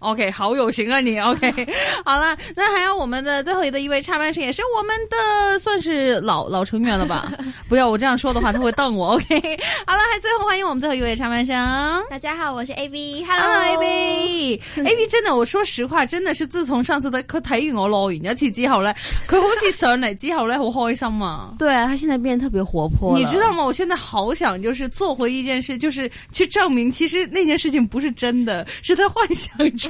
OK，好有型啊你，OK， 好了，那還有我們的最後一的一位插班生，也是我們的算是老老成員了吧？不要我這樣說的話，他會瞪我。OK， 好了，還最後歡迎我們最後一位插班生。大家好，我是 AB，Hello Hello, AB，AB、嗯、真的，我說實話，真的是自從上次他他睇完我落人家去之後咧，佢好似上嚟之後我好開心嘛。對啊，他現在變得特別活潑，你知道嗎？我現在好想就是做回一件事，就是去證明，其實那件事情不是真的，是他幻想中。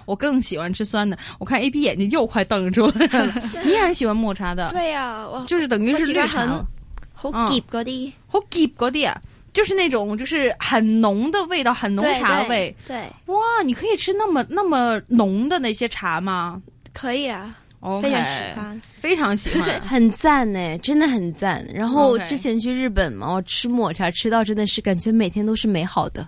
我更喜歡吃酸的，我看 A B 眼睛又快瞪住了。了 你也很喜歡抹茶的，對呀、啊，就是等於是綠茶。好澀嗰啲，好澀嗰啲，就是那種就是很濃的味道，嗯、很濃的味道，很濃的茶味。對，對對哇，你可以吃那麼那麼濃的那些茶嗎？可以啊，okay, 非常喜歡，非常喜歡， 很讚呢、哎，真的很讚。然後之前去日本嘛，我吃抹茶吃到真的是感覺每天都是美好的。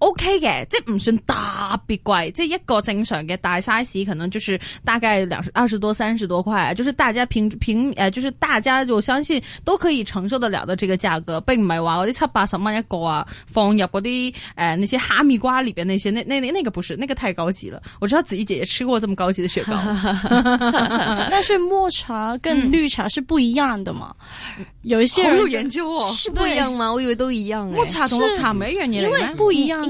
O K 嘅，即係唔算特別貴，即係一個正常嘅大 size 可能就是大概兩二十多三十多塊啊，就是大家平平誒，就是大家就相信都可以承受得了的這個價格，並唔係話嗰啲七八十蚊一個啊，放入嗰啲誒那些哈密瓜裏邊那些，那那那那個不是，那個太高級了。我知道子怡姐姐吃過這麼高級的雪糕。 但是抹茶跟綠茶是不一樣的嘛？嗯、有一些我有研究哦，是不一樣嗎？對我以為都一樣，抹茶同綠茶沒研究，因為不一樣的。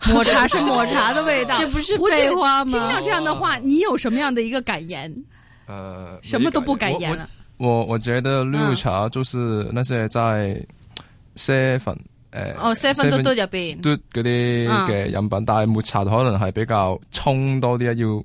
抹茶是抹茶的味道， 這不是廢話嗎？聽到這樣的話，你有什麼樣的一個感言？呃，什麼都不敢言了。我我，我覺得綠茶就是那些在 seven，、嗯、呃，哦、oh,，seven 7 都都有變，都嗰啲嘅飲品，嗯、但係抹茶可能係比較沖多啲啊，要。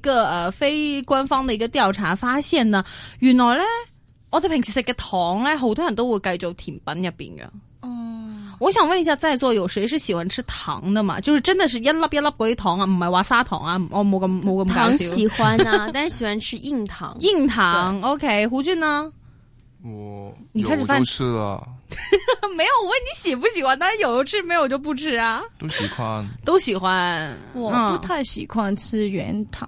個誒、呃，非官方嘅一個調查發現啊，原來呢，我哋平時食嘅糖呢，好多人都會計做甜品入邊嘅。哦、嗯，我想問一下，在座有誰是喜歡吃糖嘅嘛？就是真的是一粒一粒嗰啲糖啊，唔係話砂糖啊，我冇咁冇咁。糖,糖喜歡啊， 但係喜歡吃硬糖。硬糖對，OK，胡俊呢？我你有都食啦。 沒有，我問你喜不喜歡，但係有都食，沒有我就不吃啊。都喜歡，都喜歡。嗯、我不太喜歡吃軟糖。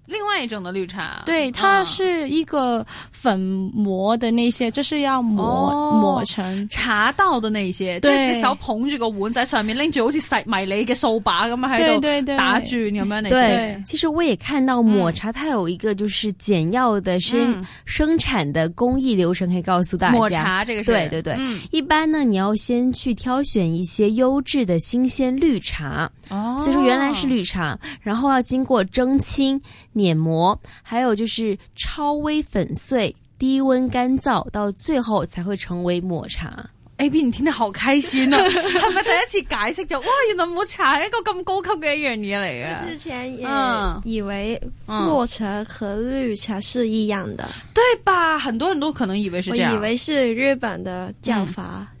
另外一種的綠茶，對，它是一個粉磨的那些，就是要磨磨成茶道的那些，對，就是手捧住個碗在上面拎住，好似掃迷你嘅掃把咁樣喺度打轉咁樣那些。對，其實我也看到抹茶，它有一個就是簡要的生生產的工藝流程可以告訴大家。抹茶這個是。對對對，嗯，一般呢，你要先去挑選一些優質的新鮮綠茶哦，所以說原來是綠茶，然後要經過蒸青。碾磨，還有就是超微粉碎、低温乾燥，到最後才會成為抹茶。AB，你聽得好開心呢，他們第一次解釋就哇！原來抹茶係一個咁高級嘅一樣嘢嚟嘅。之前嗯，以為抹茶和綠茶是一樣的，嗯嗯，對吧？很多人都可能以為是這樣，我以為是日本的叫法。Yeah.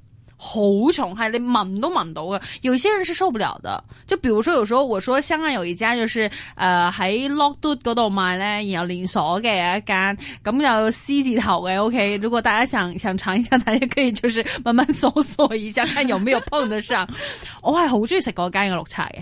好重，係你聞都聞到嘅。有些人是受不了的，就比如說，有時候我說香港有一家，就是，誒、呃、喺 Lock 嗰度賣咧，然後連鎖嘅一間，咁有 C 字頭嘅 OK。如果大家想想嘗一下，大家可以就是慢慢搜索一,一下，看有沒有碰得上。 我係好中意食嗰間嘅綠茶嘅。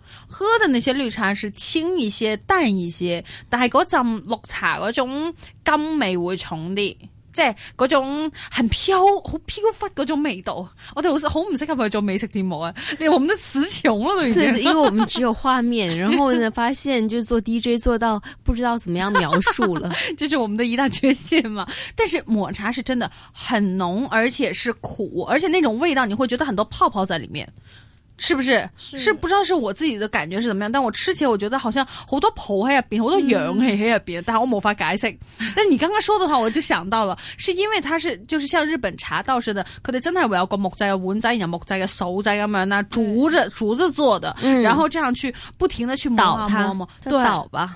喝的那些綠茶是清一些、淡一些，但係嗰陣綠茶嗰種甘味會重啲，即係嗰種很飄、好飄忽嗰種味道。我哋好似好唔適合去做美食節目啊！你我們都詞窮啊都已經。對，對是因為我們只有畫面，然後呢，發現就做 DJ 做到不知道怎麼樣描述了， 這是我們的一大缺陷嘛。但是抹茶是真的很濃，而且是苦，而且那種味道你會覺得很多泡泡在裏面。是不是是，是不知道是我自己的感覺是怎麼樣？但我吃起來我覺得好像好多泡喺入邊，好多氧氣喺入邊，嗯、但我無法解釋。 但你剛剛說的話，我就想到了，是因為它是就是像日本茶道似的，可能真係會有個木仔嘅碗仔，然後木仔嘅手仔咁樣，那竹子竹子做的，嗯、然後這樣去不停的去搗它，對，搗吧。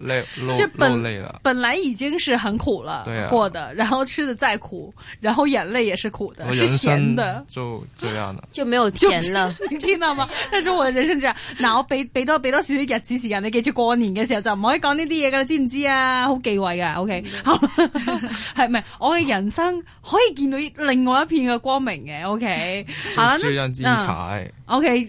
即係本本來已經是很苦了，過的，然後吃的再苦，然後眼淚也是苦的，是鹹的，就這樣的，就沒有甜了，你聽到嗎？但是我的人生就，嗱，我俾俾多俾多少少日子時間，你記住過年嘅時候就唔可以講呢啲嘢噶喇，知唔知啊？好忌諱噶，OK，好，係咪？我嘅人生可以見到另外一片嘅光明嘅，OK，彩 OK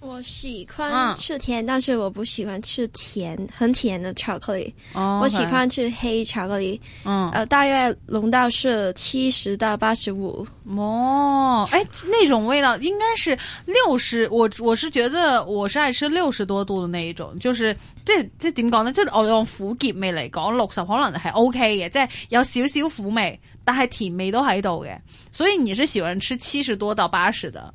我喜歡吃甜，嗯、但是我不喜歡吃甜很甜的巧克力。Oh, okay, uh, 哦，我喜歡吃黑巧克力。嗯，呃，大約濃度是七十到八十五。哦，哎，那種味道應該是六十。我我是覺得我是愛吃六十多度的那一種，就是即係即係點講呢？即我用苦澀味嚟講，六十可能係 OK 嘅，即係有少少苦味，但係甜味都喺度嘅。所以你是喜歡吃七十多到八十的？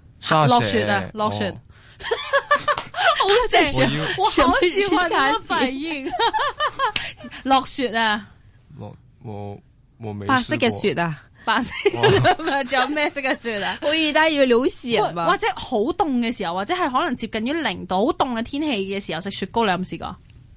落雪啊，落雪，好正啊！我好喜歡反應。落雪啊，落我我白色嘅雪啊，白色唔係仲有咩色嘅雪啊？可以但要流雪嘛？或者好凍嘅時候，或者係可能接近於零度好凍嘅天氣嘅時候食雪糕，你有冇試過？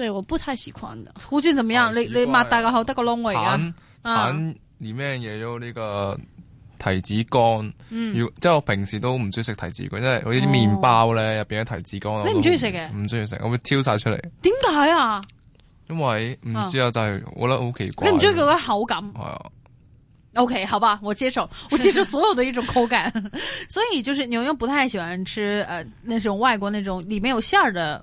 對，我不太喜歡的。胡椒怎麼樣？你你擘大個口得個窿位啊！蛋裏面嘢有呢個提子乾，如即係我平時都唔中意食提子乾，因為我呢啲麵包咧入邊有提子乾。你唔中意食嘅？唔中意食，我會挑晒出嚟。點解啊？因為唔知啊，就係我覺得好奇怪。你唔中意佢嘅口感？係啊。O K，好吧，我接受，我接受所有的一種口感。所以就是牛牛不太喜歡吃，誒，那種外國那種裏面有餡兒的。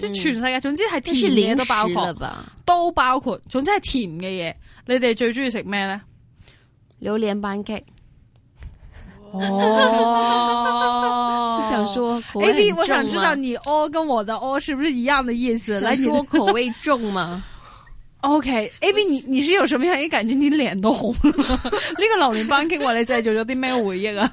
即係、嗯、全世界，總之係甜嘅嘢，都包括，都包括。總之係甜嘅嘢，你哋最中意食咩咧？榴蓮班戟。哦， 是想說 A B，我想知道你 O、哦、跟我的 O、哦、是不是一樣的意思？來說口味重嘛 OK A B，你你是有什麼樣嘅感覺？你臉都紅喇 呢個榴蓮班戟話你製造咗啲咩回憶啊？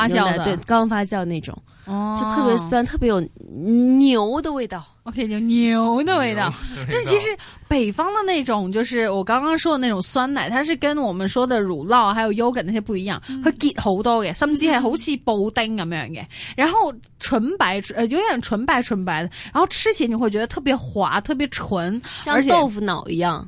發酵，對，啊、對，剛發酵那種，哦、就特別酸，特別有牛的味道。OK，牛牛的味道。味道，但其實北方的那種，就是我剛剛說的那種酸奶，它是跟我們說的乳酪還有 yogurt 那些不一樣，佢結好多嘅，甚至係好似布丁咁樣嘅。然後純白，呃，有點純白純白的，然後吃起來你會覺得特別滑，特別純，像豆腐腦一樣。而且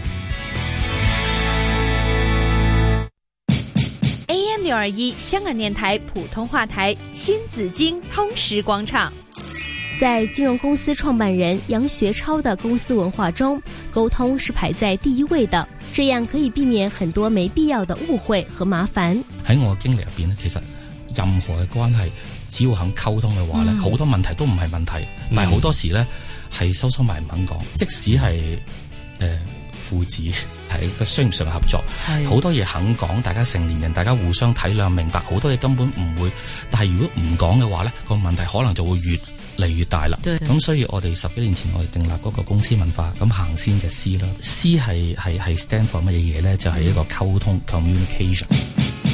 AM 六二一香港電台普通話台，新紫荊通識廣場。在金融公司創辦人楊學超的公司文化中，溝通是排在第一位的。這樣可以避免很多沒必要的誤會和麻煩。喺我經歷入邊咧，其實任何嘅關係，只要肯溝通嘅話咧，好、嗯、多問題都唔係問題。嗯、但係好多時咧，係收收埋唔肯講，即使係誒。呃父子係個商業上合作，係好是多嘢肯講，大家成年人，大家互相體諒，明白好多嘢根本唔會，但係如果唔講嘅話咧，個問題可能就會越嚟越大啦。咁所以，我哋十幾年前我哋訂立嗰個公司文化，咁行先就係 C 啦，C 係係係 stand for 乜嘢嘢咧？就係、是、一個溝通、嗯、communication。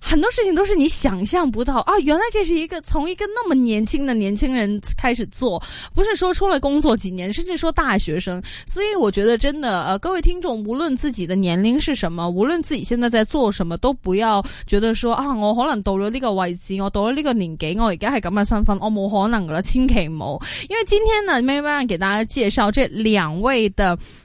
很多事情都是你想象不到啊！原來這是一個從一個那麼年輕的年輕人開始做，不是說出來工作幾年，甚至說大學生。所以我覺得真的，呃，各位聽眾，無論自己的年齡是什麼，無論自己現在在做什麼，都不要覺得說啊，我可能到了呢個位置，我到了呢個年紀，我而家係咁嘅身份，我冇可能噶啦，千祈唔好。因為今天呢，慢慢給大家介紹這兩位的。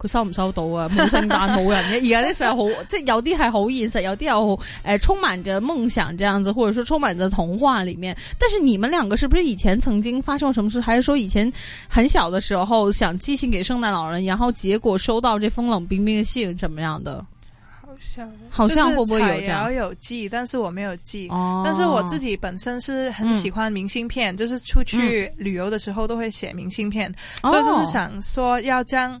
佢收唔收到啊？冇聖誕老人嘅，而家啲時候好，即係有啲係好現實，有啲又好誒、哎，充滿着夢想，這樣子，或者說充滿着童話裏面。但是你們兩個是不是以前曾經發生什麼事，還是說以前很小的時候想寄信給聖誕老人，然後結果收到這封冷冰冰嘅信，怎麼樣的？好像好像會不會有這樣有寄，但是我沒有寄。哦、但是我自己本身是很喜歡明信片，嗯、就是出去旅遊的時候都會寫明信片，嗯、所以就是想說要將。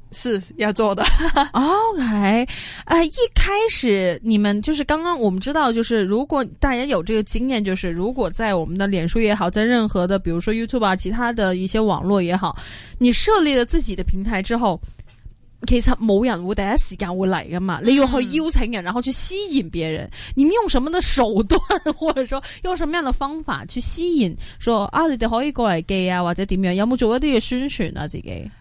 是要做的。 OK，啊、uh，一開始你們就是剛剛我們知道，就是如果大家有這個經驗，就是如果在我們的臉書也好，在任何的比如說 YouTube 啊，其他的一些網絡也好，你設立了自己的平台之後，其實、嗯嗯、某人會第一時間會來噶嘛，你要去邀請人，然後去吸引別人。你們用什麼的手段，或者說用什麼樣的方法去吸引？說啊，你哋可以過來給啊，或者點樣？有冇做一啲嘅宣傳啊？自、這、己、個？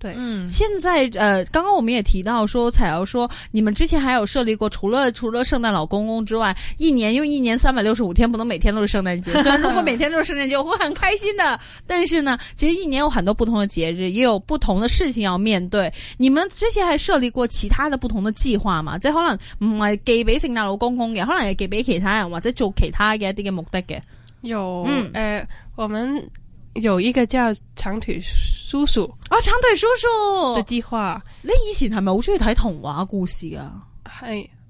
對，嗯，現在呃，剛剛我們也提到說，彩瑤說，你們之前還有設立過，除了除了聖誕老公公之外，一年因為一年三百六十五天不能每天都是聖誕節。 雖然如果每天都是聖誕節，我會很開心的， 但是呢，其實一年有很多不同的節日，也有不同的事情要面對。你們之前還設立過其他的不同的計劃嗎？即可能唔係寄俾聖誕老公公嘅，可能係寄俾其他人或者做其他嘅一啲嘅目的嘅。有，嗯誒、呃，我們有一個叫長腿。叔叔啊，長腿、哦、叔叔的計劃，你以前係咪好中意睇童話故事啊？係。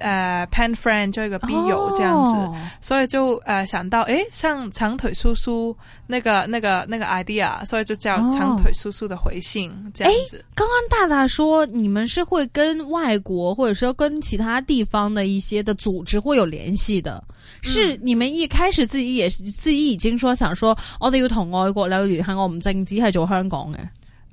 呃、uh,，pen friend 就一個筆友這樣子，oh. 所以就呃、uh, 想到，誒，像長腿叔叔那個那個那個 idea，所以就叫長腿叔叔的回信這樣子。Oh. 剛剛大大說，你們是會跟外國或者說跟其他地方的一些的組織會有聯繫的，是你們一開始自己也自己已經說想說，我哋要同外國嚟聯繫，我們淨只係做香港嘅、啊。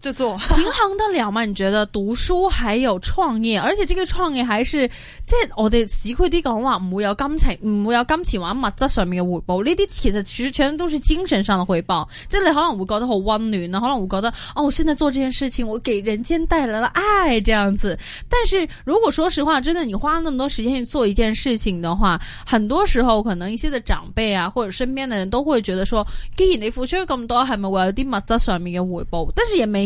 就做平衡得了嗎？ 你覺得讀書還有創業，而且這個創業還是即係我哋市區啲講話唔會有金錢，唔會有金錢或物質上面嘅回報。呢啲其實其實全都是精神上的回報，即係你可能會覺得好溫暖啊，可能會覺得哦，我現在做這件事情，我給人間帶來了愛這樣子。但是如果說實話，真係你花咗那麼多時間去做一件事情嘅話，很多時候可能一些嘅長輩啊，或者身邊嘅人都會覺得說，既然你付出咁多，係咪會有啲物質上面嘅回報？但是也沒。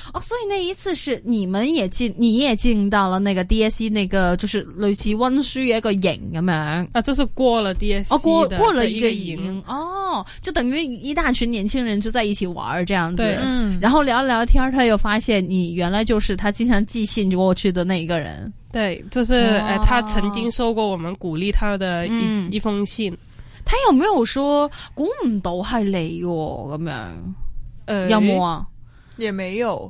哦，oh, 所以那一次是你們也進，你也進到了那個 DSE，那個就是類似溫書一個營咁樣。啊，就是過了 DSE 哦，過過了一個影，哦，就等於一大群年輕人就在一起玩，這樣子。嗯、然後聊聊天，他又發現你原來就是他經常寄信過去的那一個人。對，就是誒、哦呃，他曾經收過我們鼓勵他的一、嗯、一封信。他有沒有說估唔到係你咁樣？哦啊、呃，有麼啊？也沒有。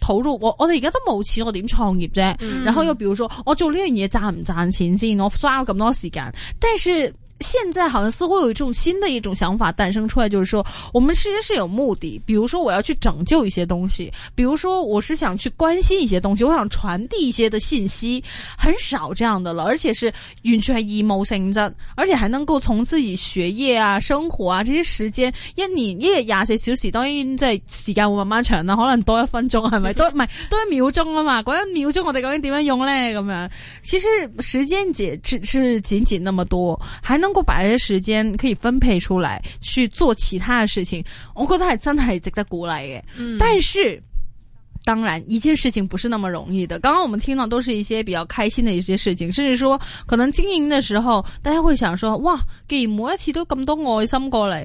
討論，我我哋而家都冇錢，我點創業啫？嗯、然後又表示我做呢樣嘢賺唔賺錢先？我嘥咁多時間，但是。現在好像似乎有一種新的一種想法誕生出來，就是說我們其實是有目的，比如說我要去拯救一些東西，比如說我是想去關心一些東西，我想傳遞一些的信息，很少這樣的了，而且是完全 emotional 而且還能夠從自己學業啊、生活啊這些時間，因為你一年一日廿四小時，當然在時間會慢慢長啦，可能多一分鐘，係咪？多，唔係 多，多一秒鐘啊嘛，嗰一秒鐘我哋究竟點樣用呢？咁樣，其實時間只只是僅僅那麼多，還能。能夠把些時間可以分配出來去做其他的事情，我覺得係真係值得鼓勵嘅。嗯，但是當然一件事情不是那麼容易的。剛剛我們聽到都是一些比較開心的一些事情，甚至說可能經營的時候，大家會想說，哇，既然每一次都咁多愛心過嚟。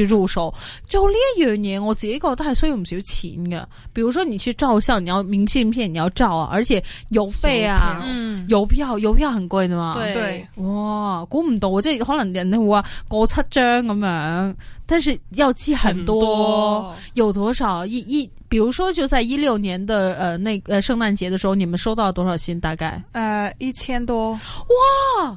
去入手做呢一樣嘢，我自己覺得係需要唔少錢嘅。比如說你去照相，你要明信片，你要照啊，而且郵費啊，嗯、郵票郵票很貴的嘛。對，哇，估唔到即係可能人哋會話過七張咁樣，但是要知很多，很多有多少？一一，比如說就在一六年的，呃，那，呃，聖誕節的時候，你們收到了多少信？大概？呃，一千多。哇！